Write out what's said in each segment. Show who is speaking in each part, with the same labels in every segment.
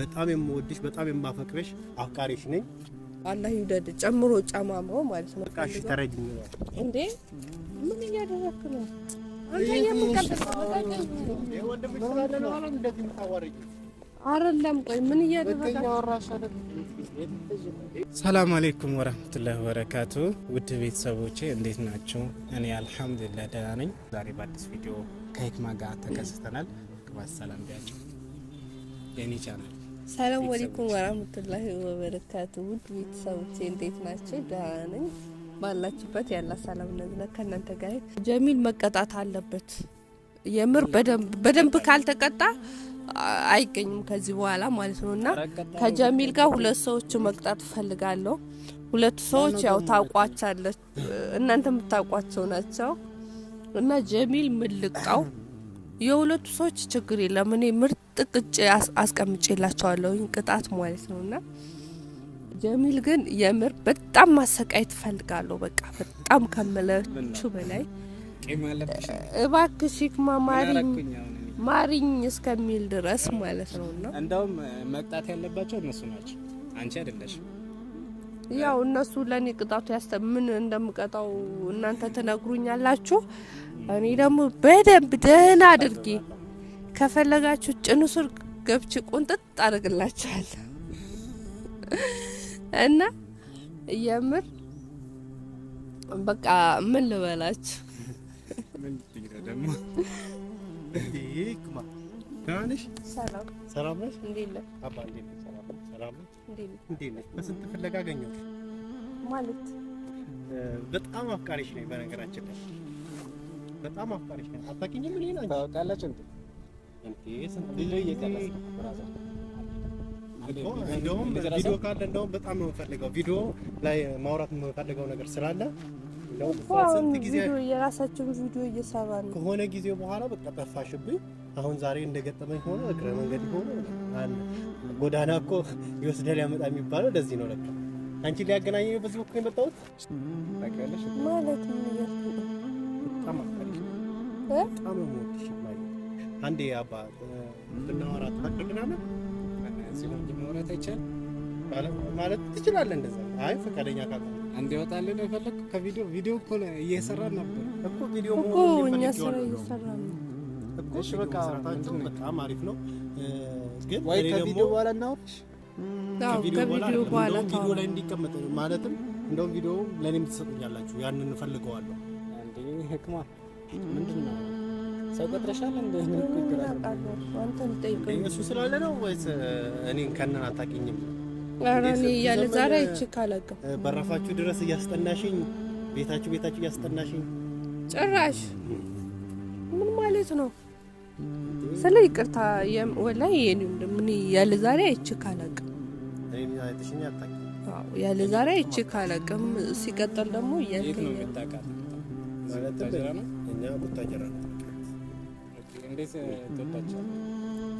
Speaker 1: በጣም የምወድሽ በጣም የማፈቅርሽ አፍቃሪሽ ነኝ።
Speaker 2: አላህ ይውደድ ጨምሮ ጨማምሮ ማለት ነው።
Speaker 1: በቃ እሺ ተረጅኝ ነው
Speaker 2: እንዴ? ምን እያደረክ ነው አንተ? አይደለም ቆይ፣ ምን እያደረክ
Speaker 1: ሰላም አለይኩም ወራህመቱላሂ ወበረካቱ። ውድ ቤተሰቦቼ እንዴት ናችሁ? እኔ አልሐምዱሊላህ ደህና ነኝ። ዛሬ በአዲስ ቪዲዮ ከሂክማ ጋር ተከስተናል። ግባ ሰላም ቢያቸው የኔ ቻናል
Speaker 2: ሰላም አለይኩም ወራህመቱላሂ ወበረካቱ። ውድ ቤተሰቦቼ እንዴት ናቸው? ደህና ነኝ። ባላችሁበት ያላ ሰላም ነዝነት ከእናንተ ጋር። ጀሚል መቀጣት አለበት የምር በደንብ ካልተቀጣ አይገኝም ከዚህ በኋላ ማለት ነው። እና ከጀሚል ጋር ሁለት ሰዎች መቅጣት እፈልጋለሁ። ሁለቱ ሰዎች ያው ታውቋቸዋለች፣ እናንተም ታውቋቸው ናቸው። እና ጀሚል ምልቀው የሁለቱ ሰዎች ችግር የለም። እኔ ምርጥ ቅጭ አስቀምጬላቸዋለሁኝ ቅጣት ማለት ነው። እና ጀሚል ግን የምር በጣም ማሰቃየት ትፈልጋለሁ። በቃ በጣም ከመለችው በላይ እባክሽ ይክማ ማሪኝ ማሪኝ እስከሚል ድረስ ማለት ነው። እና
Speaker 1: እንደውም መቅጣት ያለባቸው እነሱ ናቸው፣ አንቺ አይደለሽ።
Speaker 2: ያው እነሱ ለእኔ ቅጣቱ ያስተ ምን እንደምቀጣው እናንተ ትነግሩኛላችሁ። እኔ ደግሞ በደንብ ደህና አድርጌ ከፈለጋችሁ ጭኑ ስር ገብች ቁንጥጥ አድርግላችኋል እና የምር በቃ ምን ልበላችሁ
Speaker 1: ሰላም ሰላም
Speaker 2: ነሽ?
Speaker 1: በስንት ፍለጋ አገኘሁሽ። ማለት በጣም አፍቃሪሽ ነኝ። በነገራችን ላይ በጣም አፍቃሪሽ ነኝ። አታውቂኝም? እኔን አንቺ ታውቃላችሁ እንዴ? እንዴ ስንት ቪዲዮ እየቀረጽ እንደውም ቪዲዮ ካለ እንደውም በጣም ነው የምፈልገው ቪዲዮ ላይ ማውራት የምፈልገው ነገር ስላለ
Speaker 2: እንደውም ስንት ጊዜ የራሳችሁን ቪዲዮ እየሰራ ነው
Speaker 1: ከሆነ ጊዜ በኋላ በቃ ጠፋሽብኝ። አሁን ዛሬ እንደገጠመኝ ሆኖ እግረ መንገድ አለ ጎዳና እኮ ይወስዳል ያመጣ የሚባለው ለዚህ ነው። ለካ አንቺ ሊያገናኝ በዚህ በኩል የመጣሁት
Speaker 2: ማለት ነው።
Speaker 1: አንዴ አባ ብናወራ ታቅልናለ ማለት ትችላለህ። እንደዛ አይ ፈቃደኛ ካ አንዴ ወጣልን የፈለግ ከቪዲዮ ቪዲዮ እኮ እየሰራን ነበር እኮ ቪዲዮ እኮ
Speaker 2: እኛ ስራ እየሰራን ነው
Speaker 1: መስራታችሁ በጣም አሪፍ ነው። ግን ወይ ከቪዲዮ በኋላ እናወራሽ ከቪዲዮ በኋላ ቪዲዮ ላይ እንዲቀመጥ ማለትም እንደውም ቪዲዮ ለእኔም ትሰጡኛላችሁ። ያንን እንፈልገዋለሁ። ህክማ ምንድን ነው ሰው ቀጥረሻል? እሱ ስላለ ነው ወይስ እኔን ከነን አታውቂኝም?
Speaker 2: ኧረ እኔ እያለ ዛሬ አይቼ ካላውቅም
Speaker 1: በራፋችሁ ድረስ እያስጠናሽኝ፣ ቤታችሁ ቤታችሁ እያስጠናሽኝ
Speaker 2: ጭራሽ ምን ማለት ነው? ስለ ይቅርታ ወላሂ የኔ ወንድም ያለ ዛሬ አይቼህ አላውቅም። ያለ ዛሬ አይቼህ አላውቅም። ሲቀጥል ደግሞ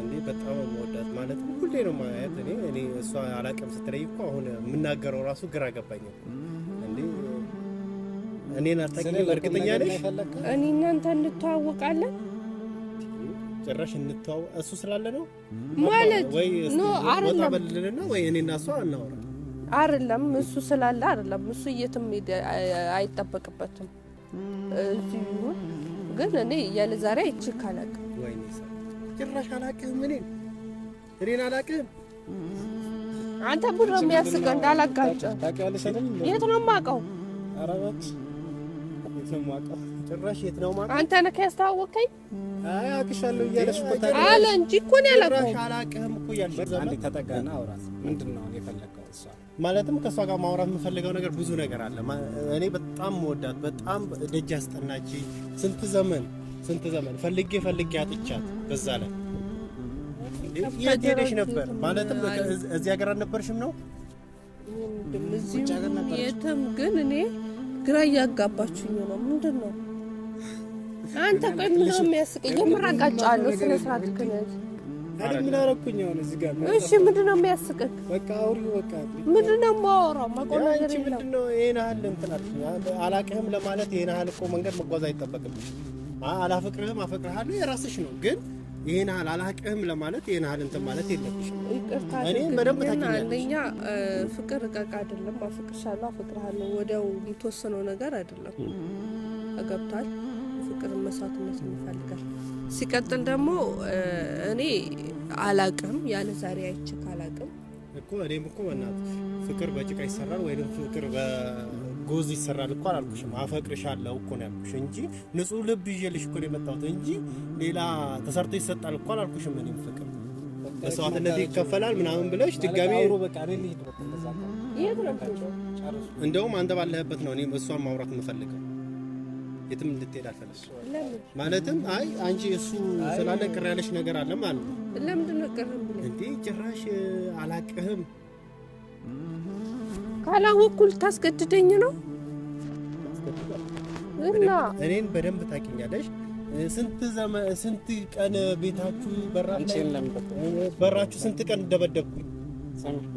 Speaker 1: እንዴ በጣም የምወዳት ማለት ሁሌ ነው ማያት። እኔ እኔ እሷ እኮ አሁን የምናገረው ራሱ ግራ ገባኝ። እንዴ እኔን አታውቂኝም እርግጠኛ ነሽ?
Speaker 2: እኔ እናንተ እንተዋወቃለን
Speaker 1: ጭራሽ እንተው እሱ ስላለ ነው
Speaker 2: ማለት ነው።
Speaker 1: አይደለም ወይ እኔና እሷ እናወራ
Speaker 2: አይደለም። እሱ ስላለ አይደለም። እሱ የትም አይጠበቅበትም እዚሁ ግን እኔ ያለ ዛሬ አይቼህ ካላቅ
Speaker 1: ጭራሽ አላውቅህም። እኔ እኔን አላቅህም
Speaker 2: አንተ ቡድን የሚያስቀ እንዳላጋጨ የት ነው የማውቀው?
Speaker 1: ኧረ ጭራሽ የት ነው ማለት
Speaker 2: አንተ ነህ ያስተዋወቀኝ?
Speaker 1: አይ እያለሽ
Speaker 2: እኮ አለ እንጂ እኮ ነው
Speaker 1: እኮ ተጠጋና አውራት። ምንድን ነው የፈለገው? እሷ ማለትም ከእሷ ጋር ማውራት የምፈልገው ነገር ብዙ ነገር አለ። እኔ በጣም መወዳት በጣም ደጅ ያስጠናች ስንት ዘመን ስንት ዘመን ፈልጌ ፈልጌ አጥቻት። በዛ ላይ የት ሄደሽ ነበር? ማለትም እዚህ ሀገር አልነበርሽም ነው?
Speaker 2: የትም ግን እኔ ግራ እያጋባችሁኝ ነው። ምንድን ነው አንተ? ቆይ ምን ነው የሚያስቀኝ? የምር አጋጫለሁ። ስነ ስርዓት ክነዝ
Speaker 1: አይደል? ምን አደረኩኝ አሁን እዚህ ጋር?
Speaker 2: እሺ ምንድን ነው የሚያስቅህ?
Speaker 1: በቃ አውሪ። በቃ
Speaker 2: ምንድን ነው የማወራው? ማቆም
Speaker 1: ነገር የለም። ምንድን ነው ይሄን ያህል እንትን አላውቅህም ለማለት ይሄን ያህል እኮ መንገድ መጓዝ አይጠበቅም። አላፈቅርህም፣ አፈቅርሃለሁ የራስሽ ነው ግን ይሄን ያህል አላቅህም ለማለት ይሄን ያህል እንትን ማለት የለብሽም።
Speaker 2: አንደኛ ፍቅር እቃቃ አይደለም። አፍቅርሻለሁ፣ አፈቅርሃለሁ ወዲያው የተወሰነው ነገር አይደለም። ገብቷል። ፍቅር መስዋዕትነት ይፈልጋል። ሲቀጥል ደግሞ እኔ አላቅም ያለ ዛሬ አይቼክ አላቅም
Speaker 1: እኮ እኔም እኮ በእናትህ ፍቅር በጭቃ ይሰራል ወይም ፍቅር ጎዝ ይሰራል እኮ አላልኩሽም። አፈቅርሻለሁ እኮ ነው ያልኩሽ እንጂ ንጹህ ልብ ይዤልሽ እኮ ነው የመጣሁት እንጂ ሌላ ተሰርቶ ይሰጣል እኮ አላልኩሽም። እኔም ፍቅር መስዋዕትነት ይከፈላል ምናምን ብለሽ ድጋሚ እንደውም አንተ ባለህበት ነው እኔም እሷን ማውራት የምፈልገው። የትም እንድትሄድ አልፈለሽ ማለትም አይ አንቺ እሱ ስላለ ቅር ያለሽ ነገር አለ ማለት ነው። ለምንድን ነው ቅር እንዴ? ጭራሽ አላቅህም
Speaker 2: ካላወቅኩ ልታስገድደኝ ነው እና
Speaker 1: እኔን በደንብ ታውቂኛለሽ። ስንት ዘመን ስንት ቀን ቤታችሁ በራችሁ ስንት ቀን እንደበደብኩኝ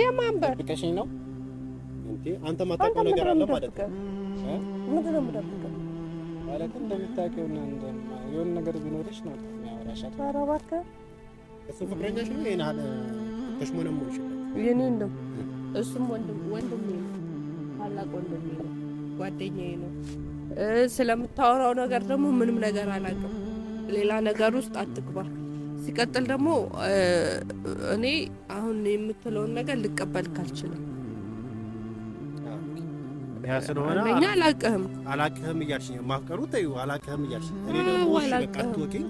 Speaker 1: የማን በር ደብቀሽኝ ነው? አንተ ማታውቀው
Speaker 2: ነገር አለ ማለት ነው። ምንድን ነው የምደብቀው?
Speaker 1: ማለት እንደምታውቂው የሆነ ነገር ቢኖርሽ ነው
Speaker 2: ያወራሻል። ኧረ እባክህ
Speaker 1: እሱ ፍቅረኛሽ ነው። ይሄን አለ ተሽሞነሞሽ
Speaker 2: የኔ እንደው እሱም ወንድሜ ነው፣ ታላቅ ወንድሜ ነው፣ ጓደኛዬ ነው። ስለምታወራው ነገር ደግሞ ምንም ነገር አላውቅም። ሌላ ነገር ውስጥ አትግባ። ሲቀጥል ደግሞ እኔ አሁን የምትለውን ነገር ልቀበል ካልችልም
Speaker 1: ያ ስለሆነ እኛ አላቅህም አላቅህም እያልሽ ማፍቀሩ ተይው፣ አላቅህም እያልሽ እኔ ደግሞ በቃ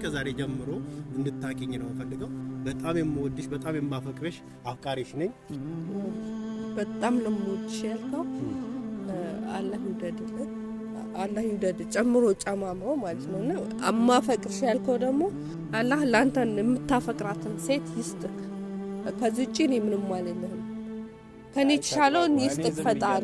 Speaker 1: ከዛሬ ጀምሮ እንድታቂኝ ነው ፈልገው። በጣም የምወድሽ በጣም የማፈቅርሽ አፍቃሪሽ ነኝ።
Speaker 2: በጣም ለምወድሽ ያልከው አላህ ይውደድልህ፣ አላህ ይውደድ ጨምሮ ጨማምሮ ማለት ነው። እና አማፈቅርሽ ያልከው ደግሞ አላህ ለአንተን የምታፈቅራትን ሴት ይስጥ። ከዚህ ውጭ እኔ ምንም አልልህም። ከኔ የተሻለውን ይስጥ ፈጣሪ።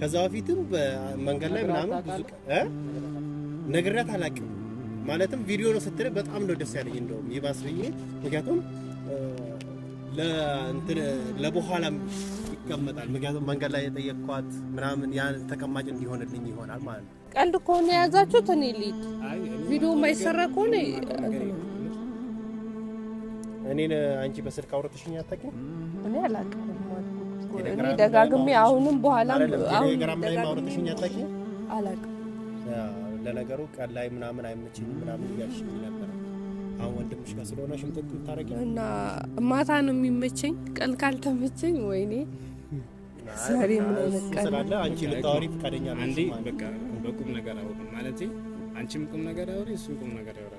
Speaker 1: ከዛ በፊትም መንገድ ላይ ምናምን ብዙ ነግሬያት አላውቅም። ማለትም ቪዲዮ ነው ስትለኝ በጣም ነው ደስ ያለኝ። እንደውም ይባስ ብዬ ምክንያቱም ለበኋላም ይቀመጣል። ምክንያቱም መንገድ ላይ የጠየቅኳት ምናምን ያ ተቀማጭ እንዲሆንልኝ ይሆናል ማለት ነው።
Speaker 2: ቀልድ ከሆነ የያዛችሁት እኔ ልሂድ፣ ቪዲዮ ማይሰራ ከሆነ
Speaker 1: እኔን አንቺ በስልክ አውረተሽኝ አታውቂም?
Speaker 2: እኔ አላውቅም እኔ ደጋግሜ አሁንም በኋላም
Speaker 1: አላውቅም። ለነገሩ ቀን ላይ ምናምን አይመችኝም ምናምን እያልሽ ነበር። አሁን ወንድምሽ ጋር ስለሆነ ሽምጥጥ የምታደርጊው
Speaker 2: እና ማታ ነው የሚመቸኝ። ቀን ካልተመቸኝ ወይኔ ዛሬ ምን
Speaker 1: አንቺ ልታወሪ ፈቃደኛ ነው እንዴ? በቃ በቁም ነገር አውሪ ማለት አንቺም ቁም ነገር አውሪ፣ እሱም ቁም ነገር አውሪ።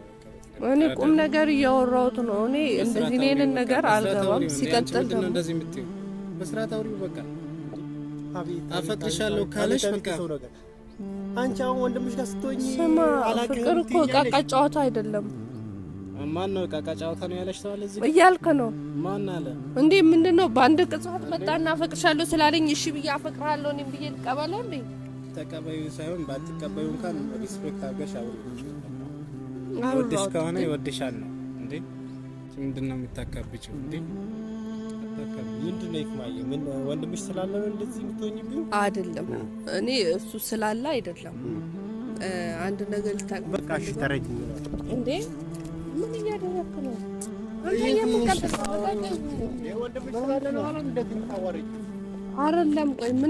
Speaker 2: እኔ ቁም ነገር እያወራሁት ነው። እኔ እንደዚህ ሌልን ነገር አልገባም። ሲቀጥል ደግሞ እንደዚህ የምትይው
Speaker 1: በስርዓት አውሪው። በቃ አፈቅርሻለሁ ካለሽ በቃ አንቺ አሁን ወንድምሽ ጋር ስትሆኚ
Speaker 2: ፍቅር እኮ ዕቃቃ ጨዋታ አይደለም።
Speaker 1: ማን ነው ቃቃ ጨዋታ ነው ያለሽ ሰው እዚህ እያልክ ነው? ማን አለ
Speaker 2: እንዴ? ምንድን ነው በአንድ ቅጽበት መጣና አፈቅርሻለሁ ስላለኝ እሺ ብዬ አፈቅርሃለሁ እኔም ብዬ ልቀበለ እንዴ?
Speaker 1: ተቀበዩ ሳይሆን ባትቀበዩ እንኳን ሪስፔክት አድርገሽ አውሪ ይወድሽ ከሆነ ይወድሻል ነው እንዴ? ምንድን ነው የምታካብጪው እንዴ? ወንድምሽ ስላለ ነው እንደዚህ የምትሆኝብኝ?
Speaker 2: አይደለም እኔ እሱ ስላለ አይደለም። አንድ ነገር ልታቅ
Speaker 1: በቃ እሺ፣ ተረጅ
Speaker 2: እንዴ ምን እያደረክ ነው? ቆይ፣ ምን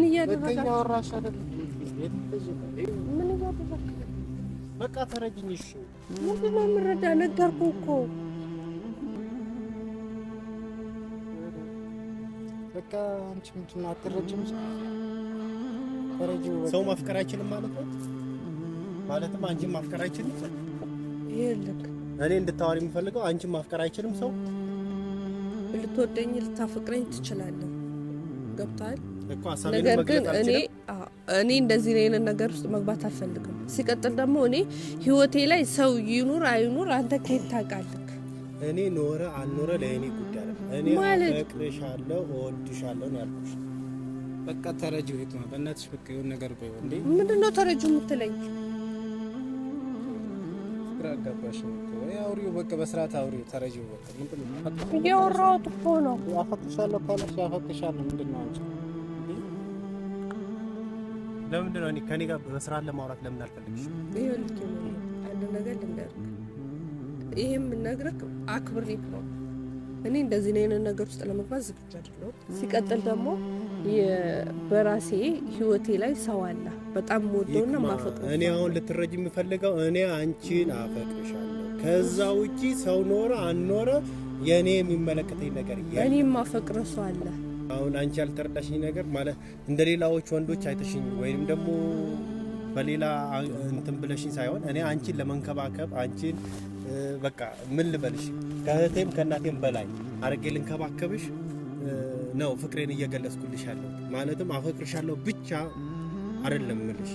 Speaker 2: እያደረክ
Speaker 1: በቃ ተረጅኝ።
Speaker 2: ምንድን ነው የምረዳ ነገርኩ እኮ
Speaker 1: በቃ አንቺ ምንድን አትረጅም ሰው ማፍቀር አይችልም ማለት ነው። ማለትም አንቺ ማፍቀር አይችልም እኔ እንድታወሪ የምፈልገው አንቺ ማፍቀር አይችልም ሰው።
Speaker 2: ልትወደኝ ልታፈቅረኝ ትችላለህ። ገብቶሃል ነገር ግን እኔ እኔ እንደዚህ አይነት ነገር ውስጥ መግባት አልፈልግም። ሲቀጥል ደግሞ እኔ ህይወቴ ላይ ሰው ይኑር አይኑር አንተ ከየት ታውቃለህ?
Speaker 1: እኔ ኖረ አልኖረ ለእኔ እኔ አፈቅርሻለሁ፣ እወድሻለሁ ነው ያልኩሽ። በቃ ተረጂ እህት ነው። በእናትሽ በቃ የሆነ ነገር ቆይ። እንዴ
Speaker 2: ምንድን ነው ተረጂ የምትለኝ?
Speaker 1: ግራ አጋባሽ ነው አውሪው በቃ በስርዓት አውሪው። ተረጂው በቃ ምንድን
Speaker 2: ነው እያወራሁት እኮ ነው።
Speaker 1: አፈቅርሻለሁ ካለሽ አፈቅርሻለሁ። ምንድን ነው አንቺ ለምንድን ነው እኔ ከኔ ጋር በስርዓት ለማውራት ለምን አልፈልግሽ?
Speaker 2: ይኸውልህ አንድ ነገር ልንገርህ፣ ይሄም የምነግርህ አክብሬህ ነው እኔ እንደዚህ አይነት ነገር ውስጥ ለመግባት ዝግጁ አይደለሁም። ሲቀጥል ደግሞ በራሴ ህይወቴ ላይ ሰው አለ በጣም ወደውና ማፈቅ
Speaker 1: እኔ አሁን ልትረጅ የምፈልገው እኔ አንቺን አፈቅሻለሁ። ከዛ ውጪ ሰው ኖረ አንኖረ የእኔ የሚመለከተኝ ነገር
Speaker 2: እያ እኔ ማፈቅረ ሰው አለ።
Speaker 1: አሁን አንቺ ያልተረዳሽኝ ነገር ማለት እንደ ሌላዎች ወንዶች አይተሽኝ ወይም ደግሞ በሌላ እንትን ብለሽኝ ሳይሆን እኔ አንቺን ለመንከባከብ አንቺን በቃ ምን ልበልሽ ከእህቴም ከእናቴም በላይ አርጌ ልንከባከብሽ ነው ፍቅሬን እየገለጽኩልሽ ያለው። ማለትም አፈቅርሻለሁ ብቻ አይደለም ምልሽ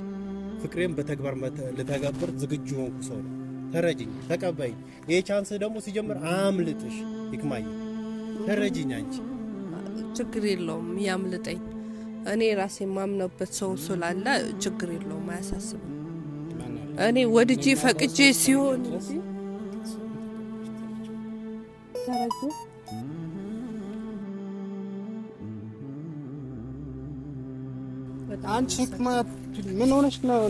Speaker 1: ፍቅሬን በተግባር ልተገብር ዝግጁ ሆንኩ። ሰው ነው ተረጅኝ፣ ተቀበይ። ይሄ ቻንስ ደግሞ ሲጀምር አምልጥሽ ይክማኝ፣ ተረጅኝ። አንቺ
Speaker 2: ችግር የለውም ያምልጠኝ እኔ ራሴ የማምነበት ሰው ስላለ ችግር የለውም፣ አያሳስብም። እኔ ወድጄ ፈቅጄ ሲሆን አንቺ ምን ሆነሽ ነው?